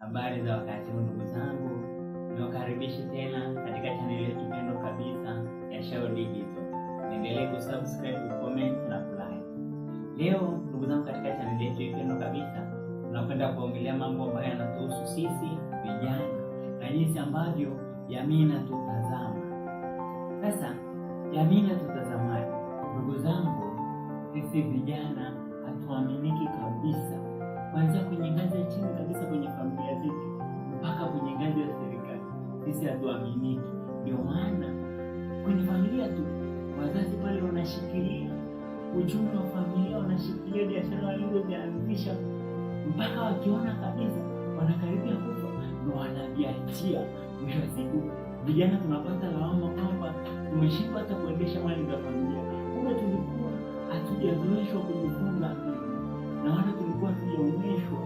Habari za wakati huu ndugu zangu, niwakaribishe tena katika chaneli yetu pendo kabisa ya Shao Digital. Niendelee kusubscribe, comment na kulike. Leo ndugu zangu, katika chaneli yetu hii pendo kabisa, tunakwenda kuongelea mambo ambayo yanatuhusu sisi vijana na jinsi ambavyo jamii inatutazama. Sasa jamii inatutazamaje? Ndugu zangu, sisi vijana hatuaminiki kabisa kuanzia kwenye ngazi ya chini kabisa kwenye familia zetu mpaka kwenye ngazi ya serikali. Sisi hatuaminiki. Ndio maana kwenye familia tu wazazi pale wanashikilia uchumi wa familia, wanashikilia biashara walizozianzisha mpaka wakiona kabisa wanakaribia kufa, ndo wanaviachia. Mwisho wa siku vijana tunapata lawama kwamba tumeshindwa hata kuendesha mali za familia, kumbe tulikuwa hatujazoeshwa kujifunza na wala tulikuwa tulionyeshwa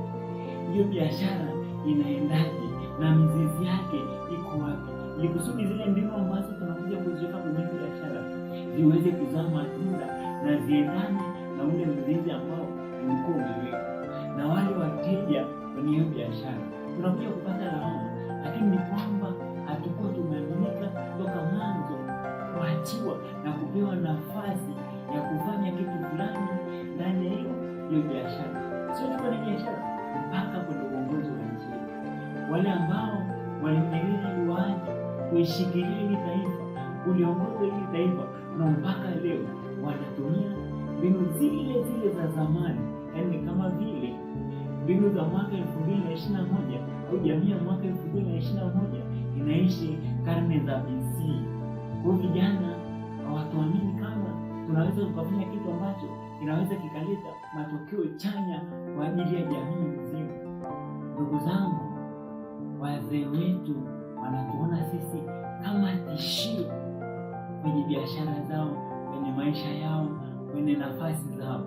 hiyo biashara inaendaje na mizizi yake iko wapi, ili kusudi zile mbinu ambazo tunakuja kuziweka kwenye biashara ziweze kuzaa matunda na ziendane na ule mzizi ambao ulikuwa umeweka, na wale wateja kwenye hiyo biashara tunakuja kupata lawama, lakini ni kwamba hatukuwa tumeaminika toka mwanzo kuachiwa na kupewa nafasi ya kufanya kitu fulani ndani ya hiyo hiyo biashara, sio tu kwenye biashara, mpaka kwenye uongozi wa nchi. Wale ambao walipigania uwanja kuishikilia hili taifa, kuliongoza hili taifa, na mpaka leo wanatumia mbinu zile zile za zamani, yaani kama vile mbinu za mwaka elfu mbili na ishirini na moja au jamii ya mwaka elfu mbili na ishirini na moja inaishi karne za BC. Kwa vijana hawatuamini kama tunaweza tukafanya kitu ambacho inaweza kikaleta matokeo chanya kwa ajili ya jamii nzima. Ndugu zangu, wazee wetu wanatuona sisi kama tishio kwenye biashara zao, kwenye maisha yao, kwenye nafasi zao.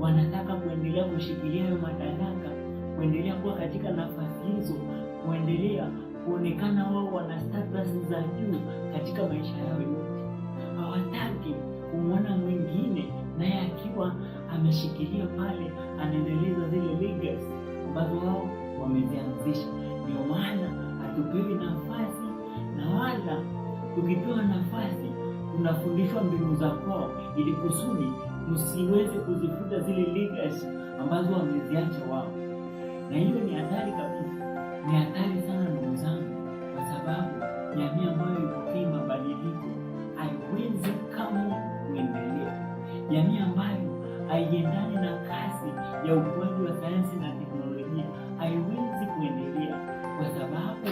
Wanataka kuendelea kushikilia hayo madaraka, kuendelea kuwa katika nafasi hizo, kuendelea kuonekana wao wana status za juu katika maisha yao yote. Hawataki kumwona mwingine naye akiwa ameshikilia pale, anaendeleza zile legacy ambazo wao wamezianzisha. Ndio maana hatupewi nafasi na wala tukipewa nafasi tunafundishwa mbinu za kwao, ili kusudi tusiweze kuzifuta zile legacy ambazo wameziacha wao, na hiyo ni hatari kabisa, ni hatari sana ndugu zangu, kwa sababu jamii ambayo ipokei mabadiliko jamii ambayo haiendani na kasi ya ukuaji wa sayansi na teknolojia haiwezi kuendelea, kwa sababu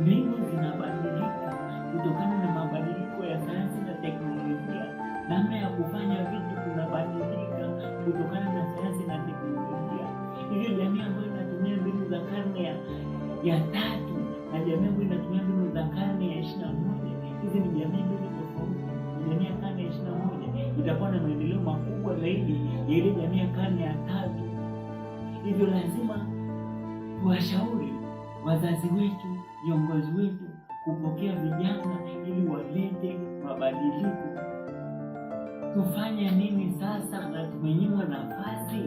mbinu zinabadilika kutokana na mabadiliko ya sayansi na teknolojia. Namna ya kufanya vitu kunabadilika kutokana na sayansi na teknolojia. Hivyo jamii ambayo inatumia mbinu za karne ya, ya tatu na jamii ambayo inatumia mbinu za karne ya ishirini na moja hizi ni jamii mbili tofauti jamii ya karne ya ishirini na moja itakuwa na maendeleo makubwa zaidi ya ile jamii ya karne ya tatu. Hivyo lazima tuwashauri wazazi wetu, viongozi wetu kupokea vijana ili walete mabadiliko. Tufanye nini sasa na tumenyimwa nafasi?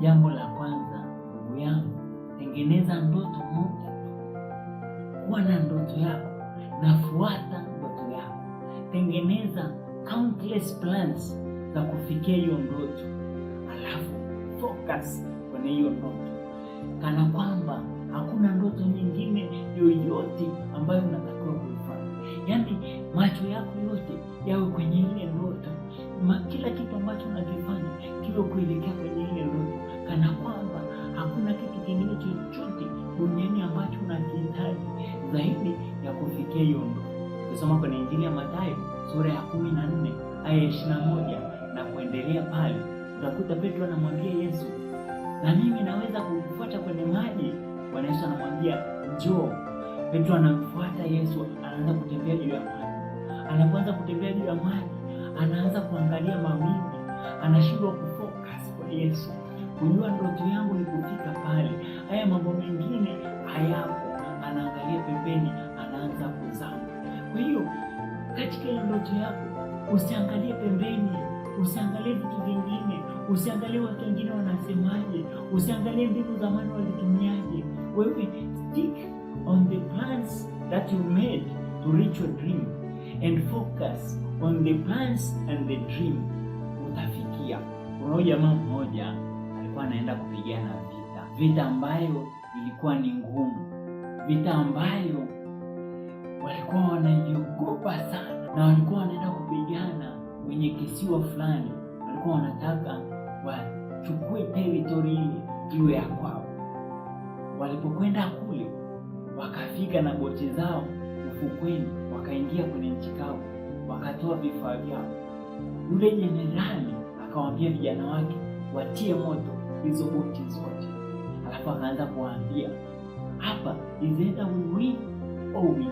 Jambo la kwanza, ndugu yangu, tengeneza ndoto moja, kuwa na ndoto yako, nafuata tengeneza countless plans za kufikia hiyo ndoto, alafu focus kwenye hiyo ndoto kana kwamba sura ya kumi na nne aya ya ishirini na moja na kuendelea pale, utakuta Petro anamwambia Yesu, na mimi naweza kumfuata kwenye maji. Bwana Yesu anamwambia njoo. Petro anamfuata Yesu, anaanza kutembea juu ya maji. Anapoanza kutembea juu ya maji, anaanza kuangalia mawimbi, anashindwa kufocus kwa Yesu, kujua ndoto yangu ni kufika pale. Haya mambo mengine hayapo, anaangalia pembeni, anaanza kuzama. Kwa hiyo katika hiyo ndoto yako usiangalie pembeni, usiangalie vitu vingine, usiangalie watu wengine wanasemaje, usiangalie mbinu zamani walitumiaje. Wewe stick on the plans that you made to reach your dream and focus on the plans and the dream. Utafikia. Kuna jamaa mmoja alikuwa anaenda kupigana vita, vita ambayo ilikuwa ni ngumu, vita ambayo walikuwa wanaiogopa sana na walikuwa wanaenda kupigana kwenye kisiwa fulani, walikuwa wanataka wachukue teritori ile iwe ya kwao. Walipokwenda kule, wakafika na boti zao ufukweni, wakaingia kwenye nchi kavu, wakatoa vifaa vyao. Yule jenerali akawaambia vijana wake watie moto hizo boti zote, alafu akaanza kuwaambia hapa, is either au win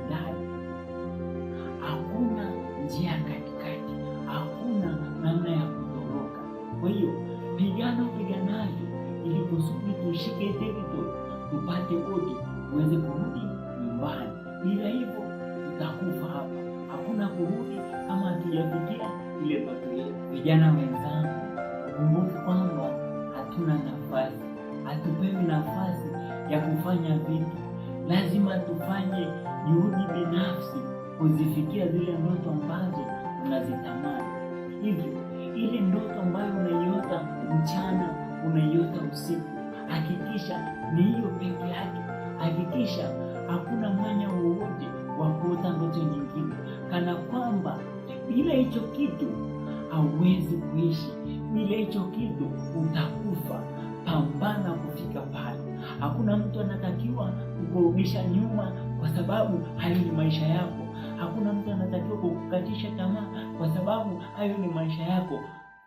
hatuna nafasi, hatupewi nafasi ya kufanya vitu. Lazima tufanye juhudi binafsi kuzifikia zile ndoto ambazo unazitamani. Hivyo ile ndoto ambayo unaiota mchana, unaiota usiku, hakikisha ni hiyo peke yake. Hakikisha hakuna mwanya wowote wa kuota ndoto nyingine, kana kwamba bila hicho kitu hauwezi kuishi bila hicho kitu utakufa. Pambana kufika pale. Hakuna mtu anatakiwa kukurudisha nyuma, kwa sababu hayo ni maisha yako. Hakuna mtu anatakiwa kukukatisha tamaa, kwa sababu hayo ni maisha yako.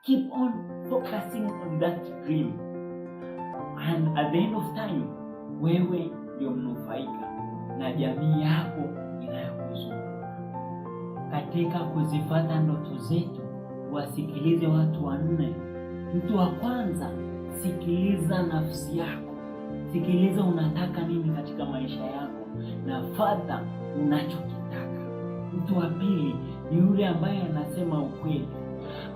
Keep on focusing on that dream and at the end of time, wewe ndio mnufaika na jamii yako inayokuzunguka. Katika kuzifata ndoto zetu wasikilize watu wanne. Mtu wa kwanza, sikiliza nafsi yako, sikiliza unataka nini katika maisha yako na fadha unachokitaka. Mtu wa pili ni yule ambaye anasema ukweli,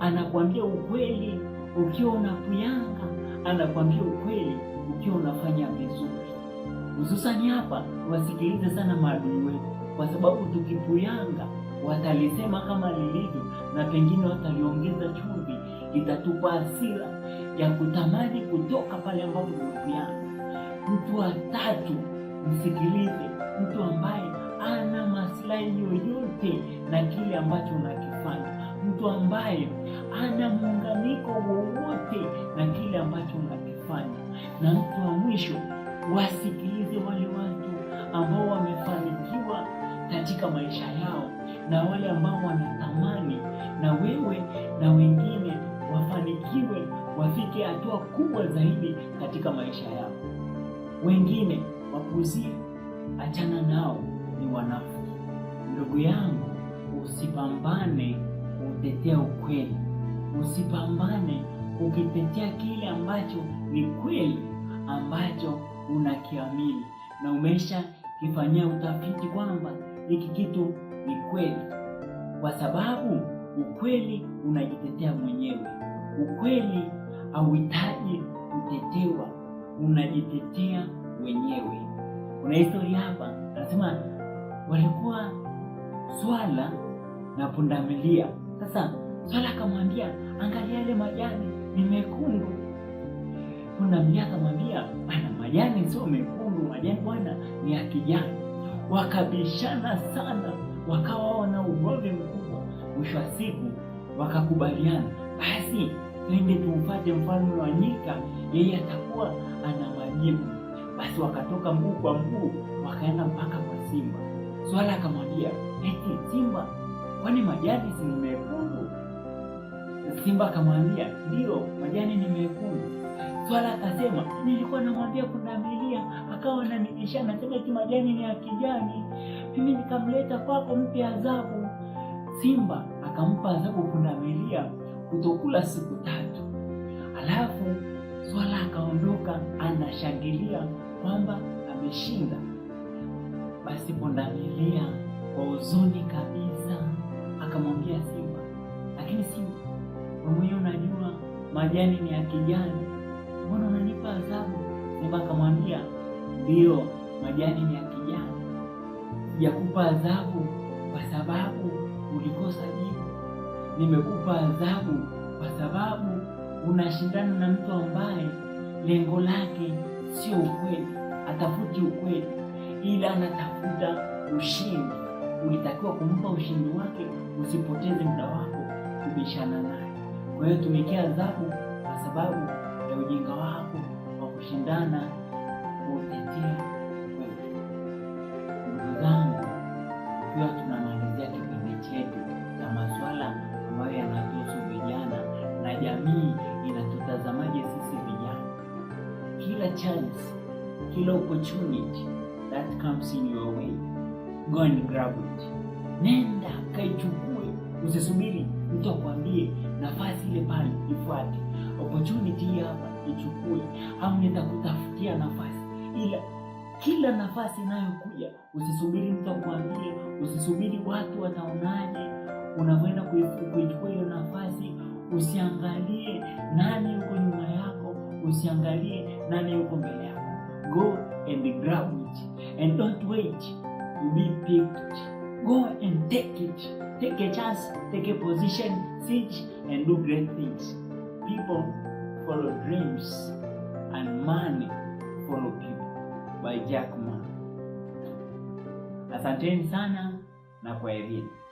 anakwambia ukweli ukiwa unakuyanga anakwambia ukweli ukiwa unafanya vizuri. Hususani hapa wasikilize sana maadui wetu, kwa sababu tukipuyanga watalisema kama lilivyo, na pengine wataliongeza chumvi, itatupa hasira ya kutamani kutoka pale ambapo tumefiana. Mtu wa tatu, msikilize mtu ambaye ana maslahi yoyote na kile ambacho unakifanya, mtu ambaye ana muunganiko wowote na kile ambacho unakifanya, na mtu wa mwisho, wasikilize wale watu ambao wamefanikiwa katika maisha yao na wale ambao wanatamani na wewe na wengine wafanikiwe, wafike hatua kubwa zaidi katika maisha yao. Wengine wapuzie, achana nao, ni wanafiki. Ndugu yangu, usipambane kutetea ukweli, usipambane ukitetea kile ambacho ni kweli, ambacho unakiamini na umesha kifanyia utafiti kwamba hiki kitu ni kweli, kwa sababu ukweli unajitetea mwenyewe. Ukweli hauhitaji kutetewa, unajitetea wenyewe. Kuna historia hapa, anasema walikuwa swala na pundamilia. Sasa swala akamwambia, angalia yale majani ni mekundu. Pundamilia akamwambia, ana majani sio mekundu, majani bwana ni ya kijani. Wakabishana sana wakawa wana ugomvi mkubwa. Mwisho wa siku wakakubaliana, basi twende tumpate mfalme wa nyika, yeye atakuwa ana majibu. Basi wakatoka mguu kwa mguu, wakaenda mpaka kwa simba. Swala akamwambia eti, simba, kwani majani si mekundu? Simba akamwambia ndio majani ni mekundu mara akasema nilikuwa namwambia kuna milia, akawa ananibisha anasema ti majani ni ya kijani, mimi nikamleta kwako mpe adhabu. Simba akampa adhabu kuna milia, kutokula siku tatu, alafu swala akaondoka anashangilia kwamba ameshinda. Basi milia kwa huzuni kabisa akamwambia Simba, lakini Simba, wewe unajua majani ni ya kijani unanipa adhabu? Simba akamwambia ndiyo, majani ni ya kijani, sijakupa adhabu kwa sababu ulikosa jibu. Nimekupa adhabu kwa sababu unashindana na mtu ambaye lengo lake sio ukweli, atafuti ukweli, ila anatafuta ushindi. Ulitakiwa kumpa ushindi wake, usipoteze muda wako kubishana naye. Kwa hiyo tumekea adhabu kwa sababu ujinga wako wa kushindana kuutetea kweli. Ndugu zangu, tukiwa tunamalizia kipindi chetu cha masuala ambayo yanatuhusu vijana na jamii inatutazamaje sisi vijana, kila chance, kila opportunity that comes in your way, go and grab it. Nenda kaichukue, usisubiri mtu akwambie nafasi ile pale, ifuate opportunity hapa ichukue, au kutafutia nafasi, ila kila nafasi inayokuja usisubiri mtu akwambie, usisubiri watu wataonaje. Unavyoenda kuichukua hiyo nafasi, usiangalie nani yuko nyuma yako, usiangalie nani yuko mbele yako. Go and grab it and don't wait to be picked. Go and take it, take a chance, take a position, sit and do great things. People follow dreams and money follow people by Jack Ma. Asanteni sana na kwaherini.